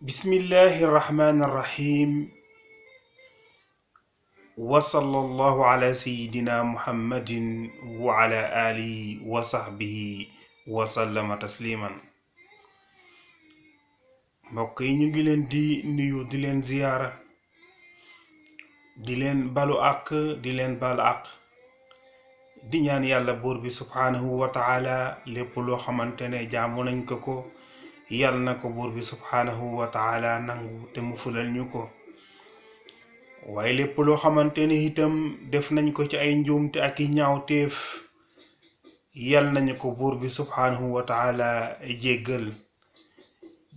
بسم الله الرحمن الرحيم وصلى الله على سيدنا محمد وعلى آله وصحبه وسلم تسليما مبقي نيغي لن دي نيو دي لن زياره دي لن بالو اك دي لن بال اك دي نيان يالا بور بي سبحانه وتعالى لب لو خمانتني جامو نانكو yal na ko buur bi subhaanahu wa taala nangu te mu ñu ko waaye lépp loo xamante ni itam def nañ ko ci ay njuumte ak i ñaawteef yal nañu ko buur bi subhaanahu wa taala jéggal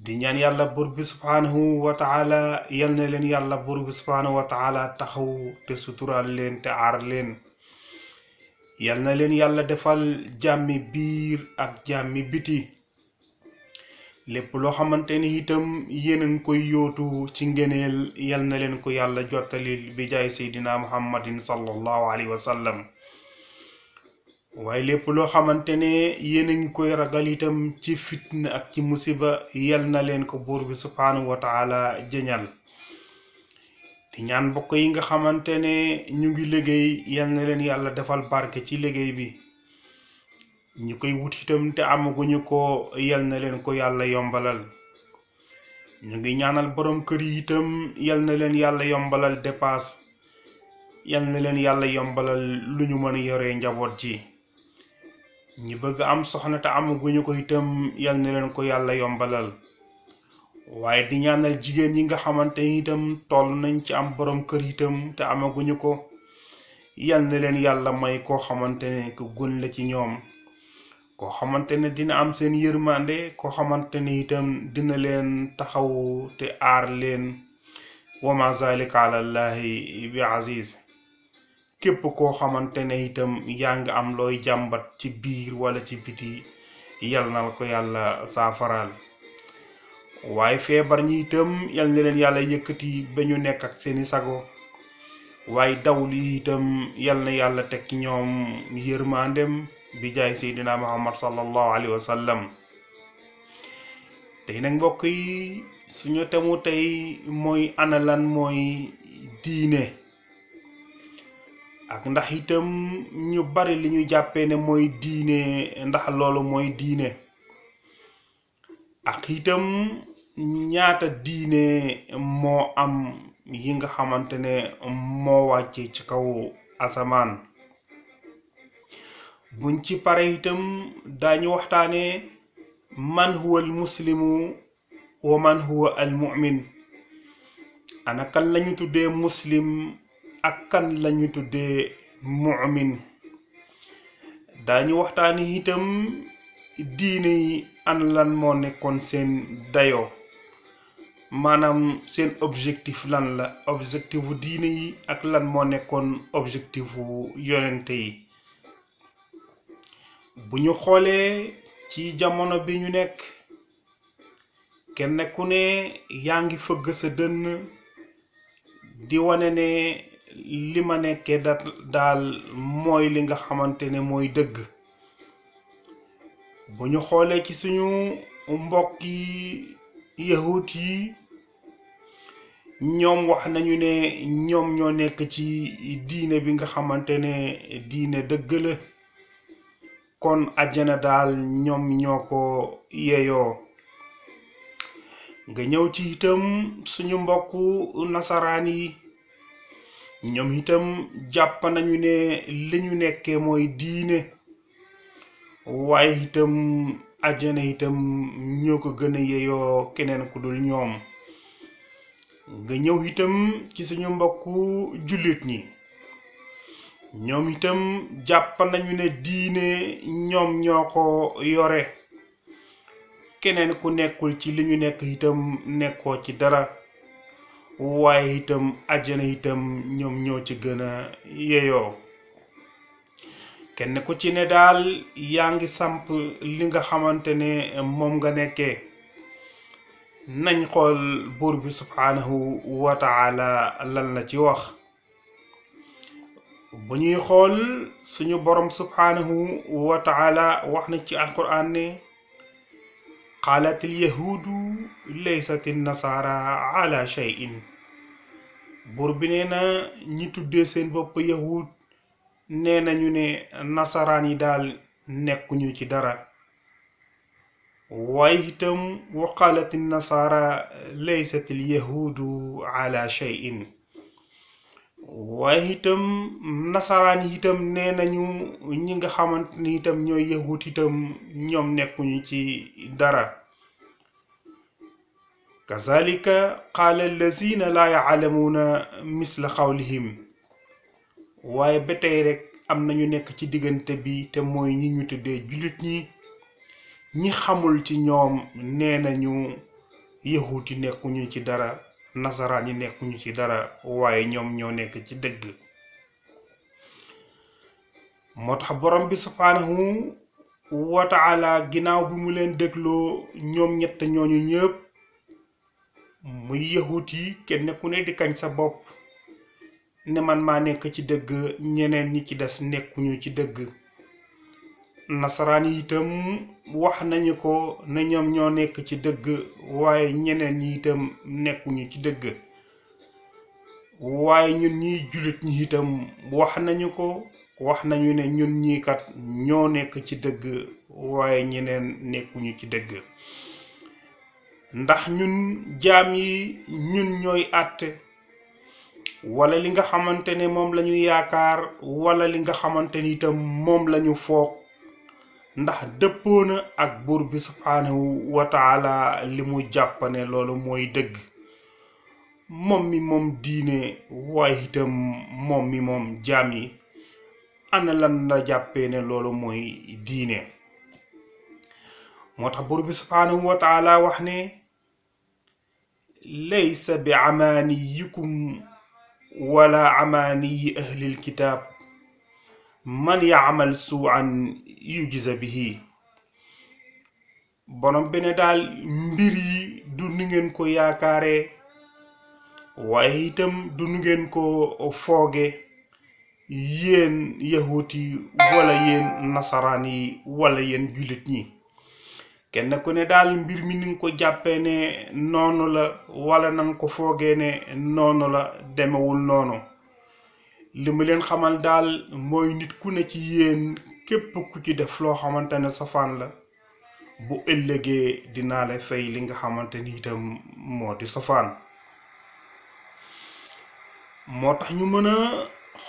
di ñaan yàlla buur bi subhaanahu wa taala yal na leen yàlla buur bi subhaanahu te suturaal leen te aar leen yal na leen yàlla defal jàmmi biir ak jàmmi biti lépp loo xamante ni itam yéen a ngi koy yootu ci ngëneel yal na leen ko yàlla jottali bi jaay seydina muhammadin sallallahu alayhi wa sallam waaye lépp loo xamante ne yéen a ngi koy ragal itam ci fitna ak ci musiba yal na leen ko buur bi subhaanahu wa taala jëñal di ñaan bokk yi nga xamante ne ñu ngi liggéey yal na leen yàlla defal barke ci liggéey bi ñi koy wut itam te amaguñu ko yal na leen ko yàlla yombalal ñu ngi ñaanal borom kër yi itam yal na leen yàlla yombalal dépasse yal na leen yàlla yombalal lu ñu mën a yoree ji ñi bëgg am soxna amaguñu ko itam yal leen ko yàlla yombalal waaye di ñaanal jigéen ñi nga xamante ni itam toll nañ ci am borom kër itam te amaguñu ko yal na leen yàlla may koo xamante ne ku gën la ci ñoom. koo xamante ne dina am seen yërmande koo xamante ne itam dina leen taxaw te aar leen wa ma zalika bi aziz képp koo xamante ne itam yaa ngi am looy jàmbat ci biir wala ci biti yal na ko yàlla saafaraal waaye feebar ñi itam yal na leen yàlla yëkkati ba ñu nekk ak seeni sago waaye daw itam yal na yàlla teg ci ñoom yërmandem bi jaay seydina muhammad sallallahu alayhi wa tey nag mbokk yi suñu temu tey mooy analan mooy diine ak ndax itam ñu bari li ñu jàppee ne mooy diine ndax loolu mooy diine ak itam ñaata diine moo am yi nga xamante ne moo wàcce ci kaw asamaan buñ ci pare itam daañu waxtaanee man huwa al muslimu wa man huwa al mu'min ana kan lañu tuddee muslim ak kan lañu tuddee mu'min daañu waxtaanee itam diine yi an lan moo nekkoon seen dayo maanaam seen objectif lan la objectifu diine yi ak lan moo nekkoon wu yonente yi bu ñu xoolee ci jamono bi ñu nekk kenn ku ne yaa ngi fëgg sa dënn di wane ne li ma nekkee daal mooy li nga xamante ne mooy dëgg bu ñu xoolee ci suñu mbokk yi yahut yi ñoom wax nañu ne ñoom ñoo nekk ci diine bi nga xamante ne diine dëgg la kon àjjana daal ñoom ñoo ko yeyoo nga ñëw ci itam suñu mbokku nasaraan yi ñoom itam jàpp nañu ne li ñu nekkee mooy diine waaye itam àjjana itam ñoo ko gën a yeyoo keneen ku dul ñoom nga ñëw itam ci suñu mbokku jullit ñi ñoom itam jàpp nañu ne diine ñoom ñoo ko yore keneen ku nekkul ci li ñu nekk itam nekkoo ci dara waaye itam àjjana itam ñoom ñoo ci gën a yeyoo kenn ku ci ne daal yaa ngi samp li nga xamante ne moom nga nekkee nañ xool buur bi subhaanahu wa taala lan la ci wax bu ñuy xool suñu borom subhaanahu wa taala wax na ci alquran ne qaalatil yahuudu laysati nasaara ala shay'in buur bi nee na ñi tuddee seen bopp yahuud nee nañu ne nasaraan yi daal nekkuñu ci dara waaye itam wa qaalatil nasaara laysatil yahuudu ala shay'in waaye itam nasaraan yi nee nañu ñi nga xamante ni ñooy yahut itam ñoom nekkuñu ci dara kazalika qaala allazina laa yaalamuuna misla xawlihim waaye ba tey rek am na ñu nekk ci diggante bi te mooy ñi ñu tuddee jullit ñi ñi xamul ci ñoom nee nañu yëwuti nekkuñu ci dara nasaraan yi nekkuñu ci dara waaye ñoom ñoo nekk ci dëgg moo tax borom bi subhaanahu wa taala ginnaaw bi mu leen dégloo ñoom ñett ñooñu ñëpp muy yahut yi kenn ku ne di kañ sa bopp ne man maa nekk ci dëgg ñeneen ñi ci des nekkuñu ci dëgg nasaraan yi itam wax nañu ko ne ñoom ñoo nekk ci dëgg waaye ñeneen ñi nekkuñu ci dëgg waaye ñun ñi jullit ñi itam wax nañu ko wax nañu ne ñun ñii ñoo nekk ci dëgg waaye ñeneen nekkuñu ci dëgg ndax ñun jaam yi ñun ñooy àtte wala li nga xamante ne moom lañu yaakaar wala li nga xamante ni itam moom lañu foog ndax dëppoo na ak buur bi subhaanahu wa taala li mu jàpp loolu mooy dëgg moom mi moom diine waaye itam moom mi moom jaam yi ana lan la jàppee ne loolu mooy diine moo tax buur bi subhaanahu wa wax ne laysa bi amaaniyikum wala amaaniyi ahlil kitaab man yaamal suuan yugiza bihi borom bi ne daal mbir yi du nu ngeen ko yaakaare waaye itam du nu ngeen ko fooge yéen yahut yi wala yéen nasaraan yi wala yéen jullit ñi kenn ku ne daal mbir mi ni ko jàppee ne noonu la wala na ko foogee ne noonu la demewul noonu li mu leen xamal daal mooy nit ku ne ci yéen képp ku ci def loo xamante ne safaan la bu ëllëgee dinaa la fay li nga xamante ni itam moo di sofaan moo tax ñu mën a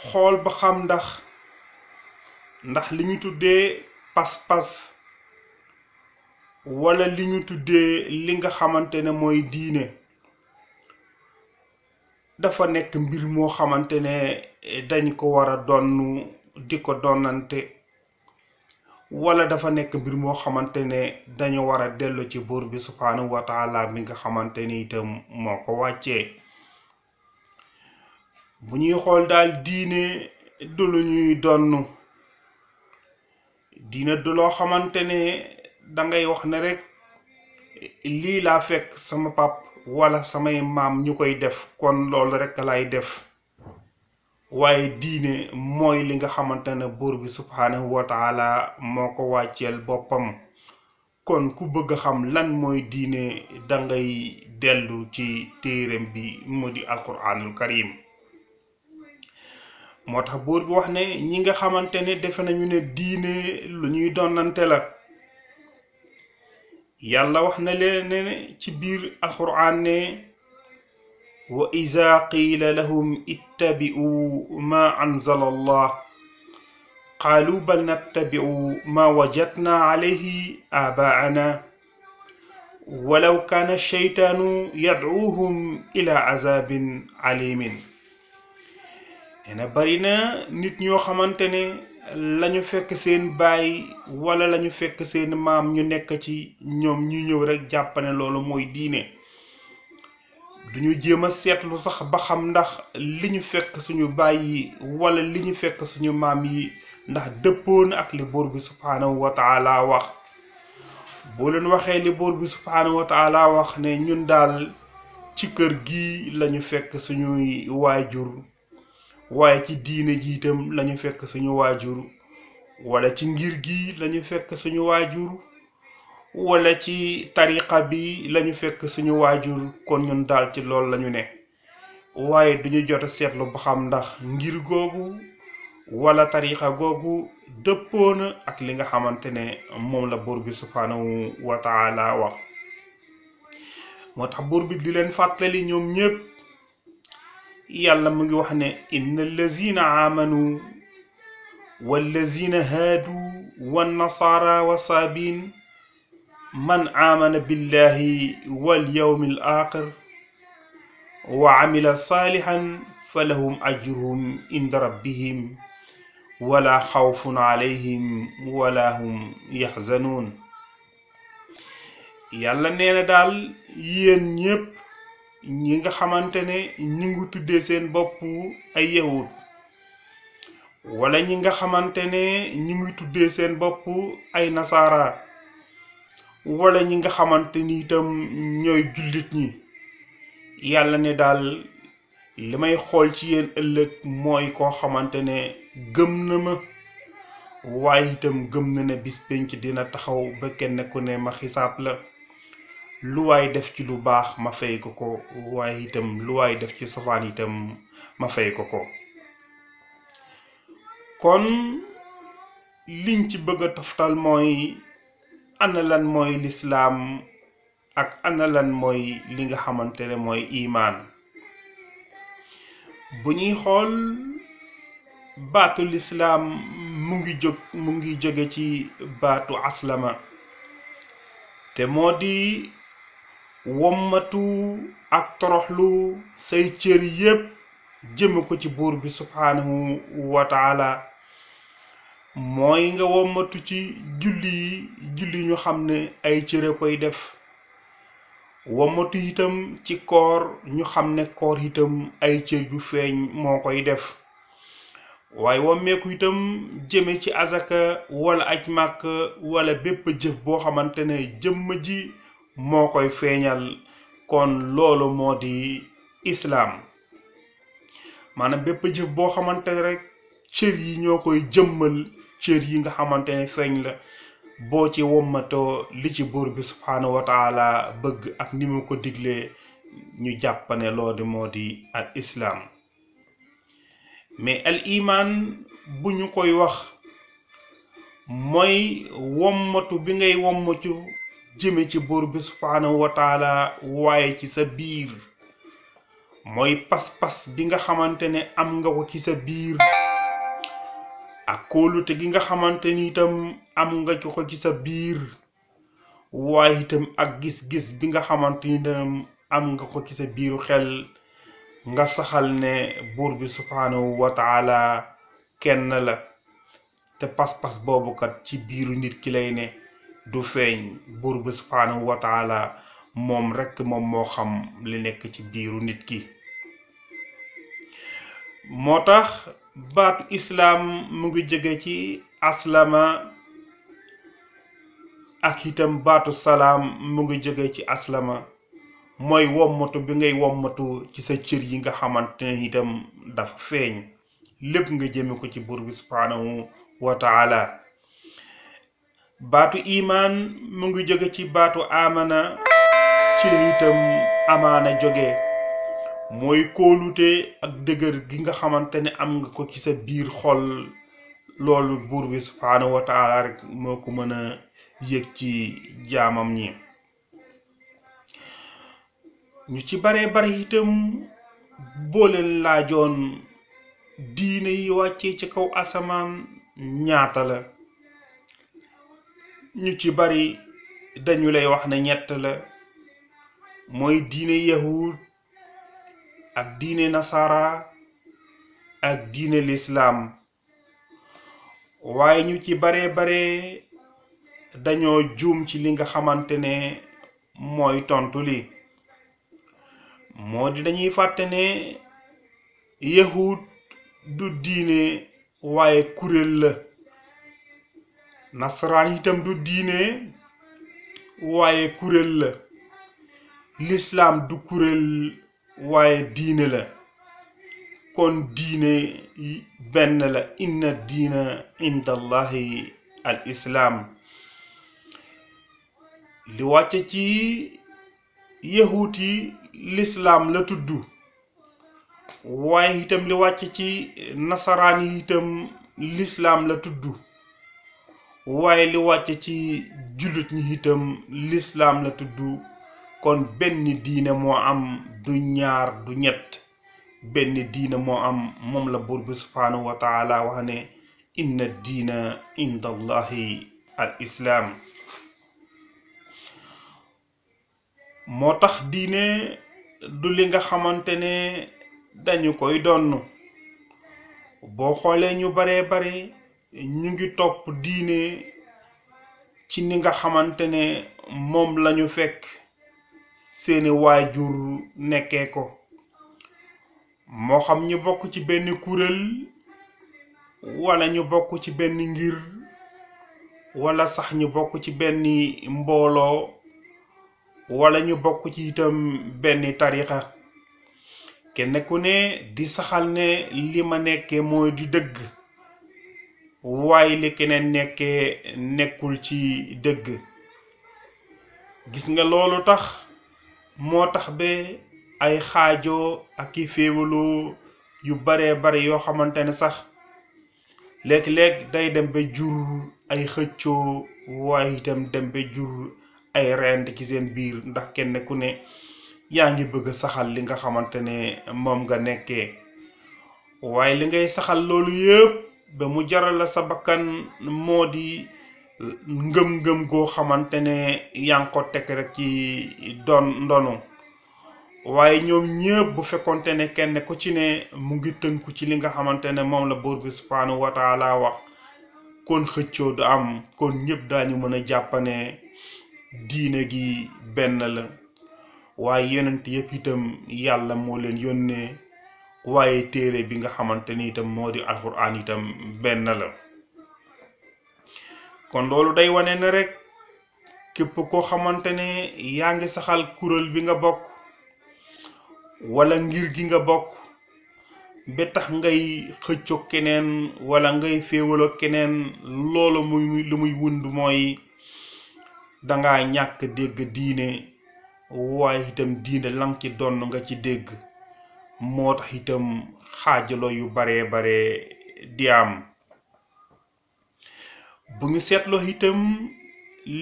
xool ba xam ndax ndax li ñu tuddee pas-pas walla li ñu tuddee li nga xamante ne mooy diine dafa nekk mbir moo xamante ne dañ ko war a donn di ko donnante wala dafa nekk mbir moo xamante ne dañu war a dellu ci buur bi subhaanahu wa taala mi nga xamante ni itam moo ko wàccee bu ñuy xool daal diine du lu ñuy donn diine du loo xamante ne dangay wax ne rek lii laa fekk sama pap walla samay maam ñu koy def kon loolu rek lay def waaye diine mooy li nga xamante ne buur bi subhaanahu wa moo ko wàcceel boppam kon ku bëgg a xam lan mooy diine dangay dellu ci téeram bi mu di alquraanul karim moo tax buur bi wax ne ñi nga xamante ne defe nañu ne diine lu ñuy donnante la yàlla wax na leen ne ci biir alquraan ne wa iza qiila lahum ittabi'u ma anzala allah qaalu bal nattabi'u ma wajadna alayhi aabaana walaw kaana sheytaanu yad'uuhum ila azabin alimin nee na bari na nit ñoo xamante ne lañu fekk seen baay wala lañu fekk seen maam ñu nekk ci ñoom ñu ñëw rekk jàpp loolu mooy diine duñu jéem a seetlu sax ba xam ndax li ñu fekk suñu baay yi wala li ñu fekk suñu maam yi ndax dëppoon ak li buur bi subhaanahu wa wax boo leen waxee li buur bi subhaanahu wa wax ne ñun daal ci kër gi lañu fekk suñuy waajur waaye ci diine ji itam lañu fekk suñu waajur wala ci ngir gi lañu fekk suñu waajur wala ci tariqa bi lañu fekk suñu waajur kon ñun daal ci loolu lañu ne waaye duñu jot seetlu ba xam ndax ngir googu wala tariqa googu dëppoo na ak li nga xamante ne moom la buur bi subhaanahu wax moo tax buur bi leen fàttali ñoom ñépp yàlla mu ngi wax ne inna allazina aamanu wallazina haadu wannasaara wa saabin man aamana billahi wal yawmil aaxir wa amila saalihan falahum ajruhum inda rabbihim wala xawfun alayhim wala hum yaxzanuun yàlla nee daal yéen ñépp ñi nga xamante ne ñi ngi tuddee seen bopp ay yahud wala ñi nga xamante ne ñi ngi tuddee seen bopp ay nasara wala ñi nga xamante ni itam ñooy jullit ñi yàlla ne daal li may xool ci yéen ëllëg mooy koo xamante ne gëm na ma waaye itam gëm na ne bis penc dina taxaw ba kenn ku ne ma xisaab la lu waay def ci lu baax ma fay ko ko waaye itam lu waay def ci sofaan itam ma fay ko ko kon liñ ci bëgg a mooy ana mooy lislaam ak ana mooy li nga xamante ne mooy imaan bu ñuy xool baatu lislaam mu ngi jóg mu ngi jóge ci baatu aslama te moo di wommatu ak toroxlu say cër yépp jëm ko ci buur bi subhaanahu wa mooy nga wommatu ci julli yi julli ñu xam ne ay cëre koy def womatu itam ci koor ñu xam ne koor itam ay cër yu feeñ moo koy def waaye wommeeku itam jëme ci azaka wala aj màkk wala bépp jëf boo xamante ne jëmm ji moo koy feeñal kon loolu moo di islaam maanaam bépp jëf boo xamante ne rek cër yi ñoo koy jëmmal cër yi nga xamante ne feeñ la boo ci wommatoo li ci buur bi subhaanahu wa bëgg ak ni mu ko diglee ñu jàpp ne loolu moo di al islaam mais al imaan bu ñu koy wax mooy womatu bi ngay wommatu jëme ci buur bi subhaanahu wa waaye ci sa biir mooy pas-pas bi nga xamante ne am nga ko ci sa biir ak kóolute gi nga xamante ni itam am nga ci ko ci sa biir waaye itam ak gis-gis bi nga xamante ni itam am nga ko ci sa biiru xel nga saxal ne buur bi subhaanahu kenn la te pas-pas boobu ci biiru nit ki lay ne du feeñ buur bi subhaanahu moom rekk moom moo xam li nekk ci biiru nit ki moo tax baatu islaam mu ngi jóge ci aslama ak itam baatu salaam mu ngi jóge ci aslama mooy wommatu bi ngay wommatu ci sa cër yi nga xamante itam dafa feeñ lépp nga jëme ko ci buur bi subhaanahu wa baatu imaan mu ngi jóge ci baatu amana ci la itam amaana jóge mooy kóolute ak dëgër gi nga xamante ni am nga ko ci sa biir xol loolu buur bi subhaanahu wa rek moo ko mën a yëg ci jaamam ñi ñu ci bare bare itam boo laajoon diine yi wàccee ci kaw asamaan ñaata la ñu ci bari dañu lay wax ne ñett la mooy diine yahud ak diine nasara ak diine lislaam waaye ñu ci bare bare dañoo juum ci li nga xamante ne mooy tontu li moo di dañuy fàtte ne yahud du diine waaye kuréel la nasaraan itam du diine waaye kuréel la lislaam du kuréel waaye diine la kon diine benn la inna diina inda allahi al islaam li wàcc ci yahuut yi lislaam la tudd waaye itam li wàcc ci nasaraan yi itam lislaam la tuddu waaye li wàcc ci jullit ñi itam lislaam la tuddu kon benn diine moo am du ñaar du ñett benn diine moo am moom la buur bi subhaanahu wa wax ne inna diina inda allahi al islaam moo tax diine du li nga xamante ne dañu koy donn boo xoolee ñu baree bare ñu ngi topp diine ci ni nga xamante ne moom lañu fekk seeni waajur nekkee ko moo xam ñu bokk ci benn kuréel wala ñu bokk ci benn ngir wala sax ñu bokk ci benn mbooloo wala ñu bokk ci itam benn tarixa kenn ku ne di saxal ne li ma nekkee mooy di dëgg waay li keneen nekkee nekkul ci dëgg gis nga loolu tax moo tax ba ay xaajoo ak i féewaloo yu baree bari yoo xamante ne sax léeg-léeg day dem ba jur ay xëccoo waaye itam dem ba jur ay rent ci seen biir ndax kenn ku ne yaa ngi bëgg saxal li nga xamante ne moom nga nekkee waaye li ngay saxal loolu yépp ba mu jaral la sa bakkan moo di ngëm-ngëm goo xamante ne yaa ngi ko teg rek ci doon ndono waaye ñoom ñëpp bu fekkonte ne kenn ku ci ne mu ngi tënku ci li nga xamante ne moom la buur bi subhaanahu wa wax kon xëccoo du am kon ñëpp daañu mën a jàpp diine gi benn la waaye yonent yëpp itam yàlla moo leen yónnee waaye téere bi nga xamante ni itam moo di alxuraan itam benn la kon loolu day wane ne rekk képp koo xamante ne yaa ngi saxal kuréel bi nga bokk wala ngir gi nga bokk ba tax ngay xëccoo keneen wala ngay féewaloo keneen loolu lu muy wund mooy danga ñàkk dégg diine waaye itam diine lan ci donn nga ci dégg moo tax itam xaajaloo yu baree bare di am bu ñu seetloo itam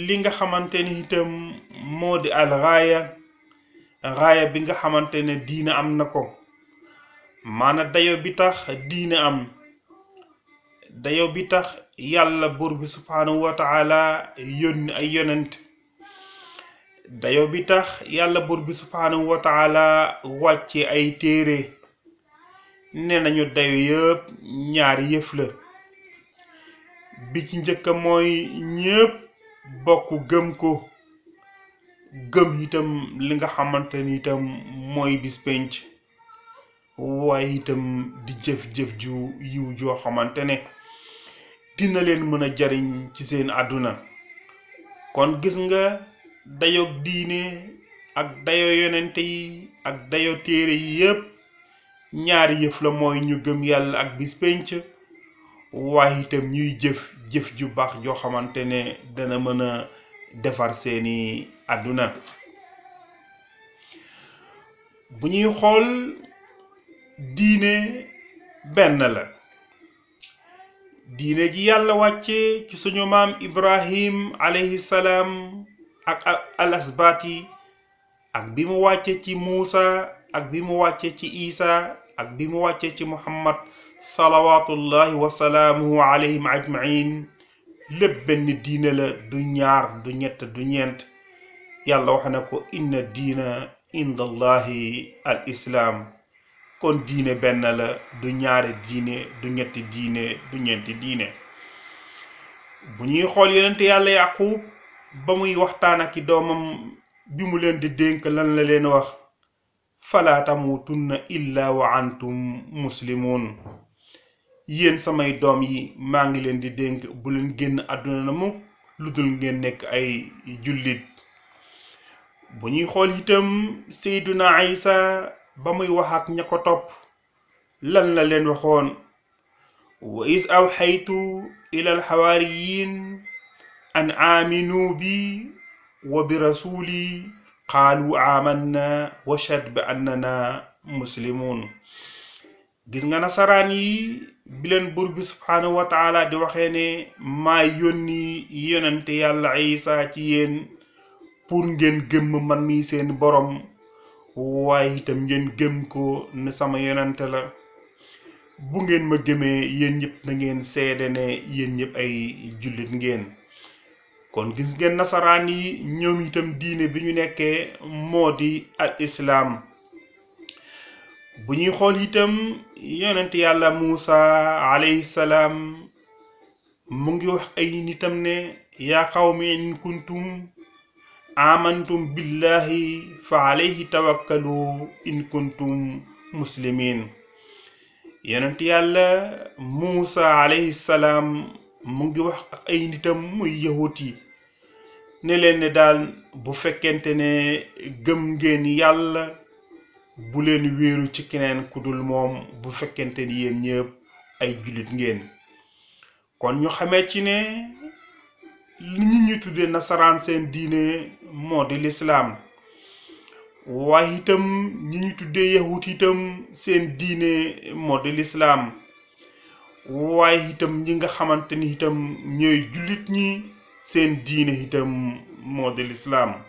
li nga xamante ni itam moo di al raaya raaya bi nga xamante ne diina am na ko maana dayo bi tax diina am dayo bi tax yàlla buur bi subhaanahu wa yónni ay yonent dayo bi tax yàlla buur bi subhaanahu wa taala wàcce ay téere nee nañu dayo yëpp ñaari yëf la bi ci njëkk mooy ñépp bokk gëm ko gëm itam li nga xamante ni itam mooy bis penc waaye itam di jëf-jëf ju yiw joo xamante ne dina leen mën a jariñ ci seen àdduna kon gis nga dayoog diine ak dayo yenent yi ak dayo téere yi yépp ñaar yëf la mooy ñu gëm yàlla ak bis penc waaye ñuy jëf jëf ju baax joo xamante ne dana mën a defar seeni àdduna bu ñuy xool diine benn la diine ji yàlla wàcce ci suñu maam ibrahim alayhi salaam ak al ak bi mu wàcce ci muusa ak bi mu wàcce ci isa ak bi mu wàcce ci muhammad salawaatullahi wasalaamu salaamuhu alayhim ajmain lépp benn diine la du ñaar du ñett du ñeent yàlla wax na ko inna diina indallahi al islaam kon diine benn la du ñaari diine du ñetti diine du ñeenti diine bu ñuy xool yonent yàlla yaqub ba muy waxtaan ak i doomam bi mu leen di dénk lan la leen wax falaa tamuutunna illa wa antum muslimun yéen samay doom yi maa ngi leen di dénk bu leen génn àdduna na mu lu dul ngeen nekk ay jullit bu ñuy xool itam Seyduna Isa ba muy waxaat ña ko topp lan la leen waxoon wa is awxaytu ila alxawaariyin an aaminu bi wa bi rasuli qaalu amanna washhad bi annana muslimun gis nga nasaraan yi bi leen buur bi subhaanahu di waxee ne maa yónni yonente yàlla isa ci yéen pour ngeen gëmm man mi seen boroom waaye itam ngeen gëm ko ne sama yonente la bu ngeen ma gëmee yéen ñëpp na ngeen seede ne yéen ñëpp ay jullit ngeen kon gis ngeen nasaraan yi ñoom itam diine bi ñu nekkee moo di al islaam bu ñuy xool itam yonent yàlla Muusa alayhi salaam mu ngi wax ay nitam ne yaa qawmi in kuntum amantum billahi fa alayhi tawakkalu in kuntum muslimin yonent yàlla Muusa alayhi salaam mu ngi wax ak ay nitam muy yahut yi ne leen ne daal bu fekkente ne gëm ngeen yàlla bu leen wéeru ci keneen ku dul moom bu fekkente ni yéen ñëpp ay jullit ngeen kon ñu xamee ci ne ñu ñu tuddee nasaraan seen diine moo di lislaam waaye itam ñi tuddee yahut seen diine moo di lislaam waaye itam ñi nga xamante ni itam ñooy jullit ñi seen diine itam moo di lislaam